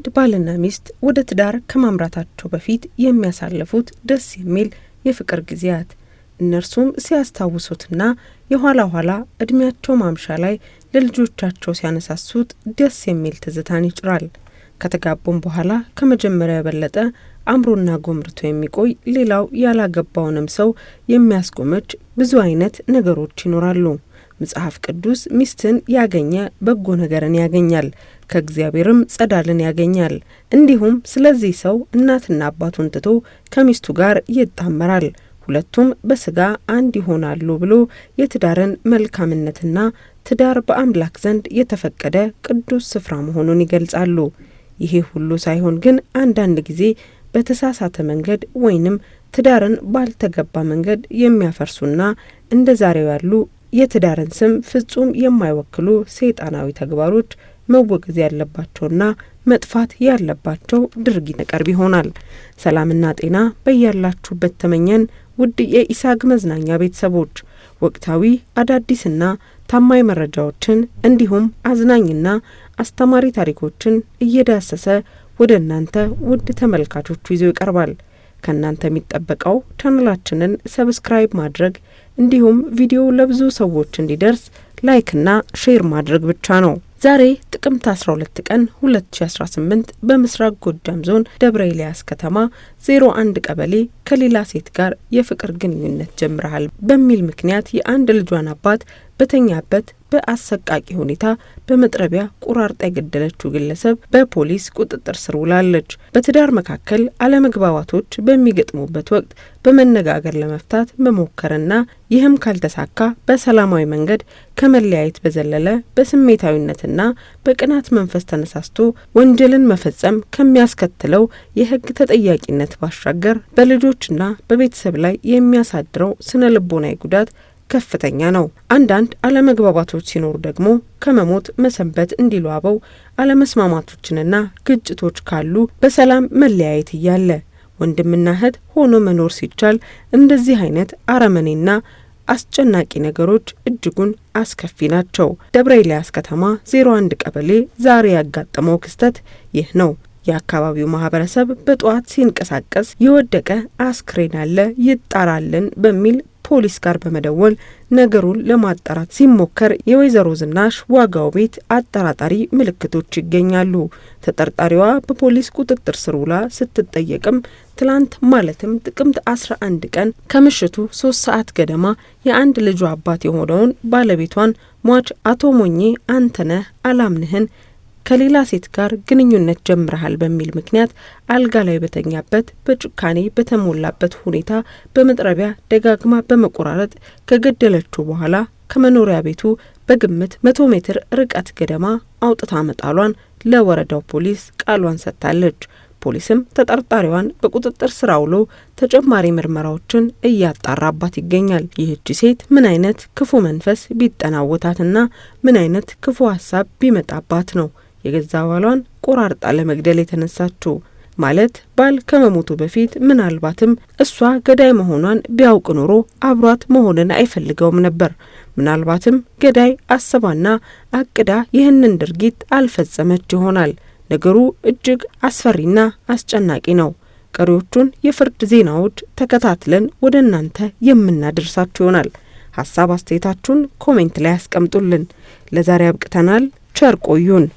አንድ ባልና ሚስት ወደ ትዳር ከማምራታቸው በፊት የሚያሳልፉት ደስ የሚል የፍቅር ጊዜያት እነርሱም ሲያስታውሱትና የኋላ ኋላ እድሜያቸው ማምሻ ላይ ለልጆቻቸው ሲያነሳሱት ደስ የሚል ትዝታን ይጭራል። ከተጋቡም በኋላ ከመጀመሪያ የበለጠ አምሮና ጎምርቶ የሚቆይ ሌላው ያላገባውንም ሰው የሚያስጎመች ብዙ አይነት ነገሮች ይኖራሉ። መጽሐፍ ቅዱስ ሚስትን ያገኘ በጎ ነገርን ያገኛል፣ ከእግዚአብሔርም ጸዳልን ያገኛል። እንዲሁም ስለዚህ ሰው እናትና አባቱን ትቶ ከሚስቱ ጋር ይጣመራል፣ ሁለቱም በስጋ አንድ ይሆናሉ ብሎ የትዳርን መልካምነትና ትዳር በአምላክ ዘንድ የተፈቀደ ቅዱስ ስፍራ መሆኑን ይገልጻሉ። ይሄ ሁሉ ሳይሆን ግን አንዳንድ ጊዜ በተሳሳተ መንገድ ወይንም ትዳርን ባልተገባ መንገድ የሚያፈርሱና እንደ ዛሬው ያሉ የትዳርን ስም ፍጹም የማይወክሉ ሰይጣናዊ ተግባሮች መወገዝ ያለባቸውና መጥፋት ያለባቸው ድርጊት ነቀርብ ይሆናል። ሰላምና ጤና በያላችሁበት ተመኘን። ውድ የኢሳግ መዝናኛ ቤተሰቦች ወቅታዊ አዳዲስና ታማኝ መረጃዎችን እንዲሁም አዝናኝና አስተማሪ ታሪኮችን እየዳሰሰ ወደ እናንተ ውድ ተመልካቾቹ ይዞ ይቀርባል። ከእናንተ የሚጠበቀው ቻናላችንን ሰብስክራይብ ማድረግ እንዲሁም ቪዲዮ ለብዙ ሰዎች እንዲደርስ ላይክና ሼር ማድረግ ብቻ ነው። ዛሬ ጥቅምት 12 ቀን 2018 በምስራቅ ጎጃም ዞን ደብረ ኤልያስ ከተማ 01 ቀበሌ ከሌላ ሴት ጋር የፍቅር ግንኙነት ጀምረሃል በሚል ምክንያት የአንድ ልጇን አባት በተኛበት በአሰቃቂ ሁኔታ በመጥረቢያ ቆራርጣ የገደለችው ግለሰብ በፖሊስ ቁጥጥር ስር ውላለች። በትዳር መካከል አለመግባባቶች በሚገጥሙበት ወቅት በመነጋገር ለመፍታት መሞከርና ይህም ካልተሳካ በሰላማዊ መንገድ ከመለያየት በዘለለ በስሜታዊነትና በቅናት መንፈስ ተነሳስቶ ወንጀልን መፈጸም ከሚያስከትለው የሕግ ተጠያቂነት ባሻገር በልጆችና በቤተሰብ ላይ የሚያሳድረው ስነ ልቦናዊ ጉዳት ከፍተኛ ነው። አንዳንድ አለመግባባቶች ሲኖሩ ደግሞ ከመሞት መሰንበት እንዲሉ አበው አለመስማማቶችንና ግጭቶች ካሉ በሰላም መለያየት እያለ ወንድምና እህት ሆኖ መኖር ሲቻል እንደዚህ አይነት አረመኔና አስጨናቂ ነገሮች እጅጉን አስከፊ ናቸው። ደብረ ኤልያስ ከተማ 01 ቀበሌ ዛሬ ያጋጠመው ክስተት ይህ ነው። የአካባቢው ማህበረሰብ በጠዋት ሲንቀሳቀስ የወደቀ አስክሬን አለ ይጣራልን በሚል ፖሊስ ጋር በመደወል ነገሩን ለማጣራት ሲሞከር የወይዘሮ ዝናሽ ዋጋው ቤት አጠራጣሪ ምልክቶች ይገኛሉ። ተጠርጣሪዋ በፖሊስ ቁጥጥር ስር ውላ ስትጠየቅም ትላንት ማለትም ጥቅምት 11 ቀን ከምሽቱ ሶስት ሰዓት ገደማ የአንድ ልጁ አባት የሆነውን ባለቤቷን ሟች አቶ ሞኜ አንተነህ አላምንህን ከሌላ ሴት ጋር ግንኙነት ጀምረሃል በሚል ምክንያት አልጋ ላይ በተኛበት በጭካኔ በተሞላበት ሁኔታ በመጥረቢያ ደጋግማ በመቆራረጥ ከገደለችው በኋላ ከመኖሪያ ቤቱ በግምት መቶ ሜትር ርቀት ገደማ አውጥታ መጣሏን ለወረዳው ፖሊስ ቃሏን ሰጥታለች። ፖሊስም ተጠርጣሪዋን በቁጥጥር ስር አውሎ ተጨማሪ ምርመራዎችን እያጣራባት ይገኛል። ይህች ሴት ምን አይነት ክፉ መንፈስ ቢጠናወታትና ምን አይነት ክፉ ሀሳብ ቢመጣባት ነው የገዛ ባሏን ቆራርጣ ለመግደል የተነሳችው? ማለት ባል ከመሞቱ በፊት ምናልባትም እሷ ገዳይ መሆኗን ቢያውቅ ኖሮ አብሯት መሆንን አይፈልገውም ነበር። ምናልባትም ገዳይ አስባና አቅዳ ይህንን ድርጊት አልፈጸመች ይሆናል። ነገሩ እጅግ አስፈሪና አስጨናቂ ነው። ቀሪዎቹን የፍርድ ዜናዎች ተከታትለን ወደ እናንተ የምናደርሳችሁ ይሆናል። ሀሳብ አስተያየታችሁን ኮሜንት ላይ ያስቀምጡልን። ለዛሬ አብቅተናል። ቸር ቆዩን።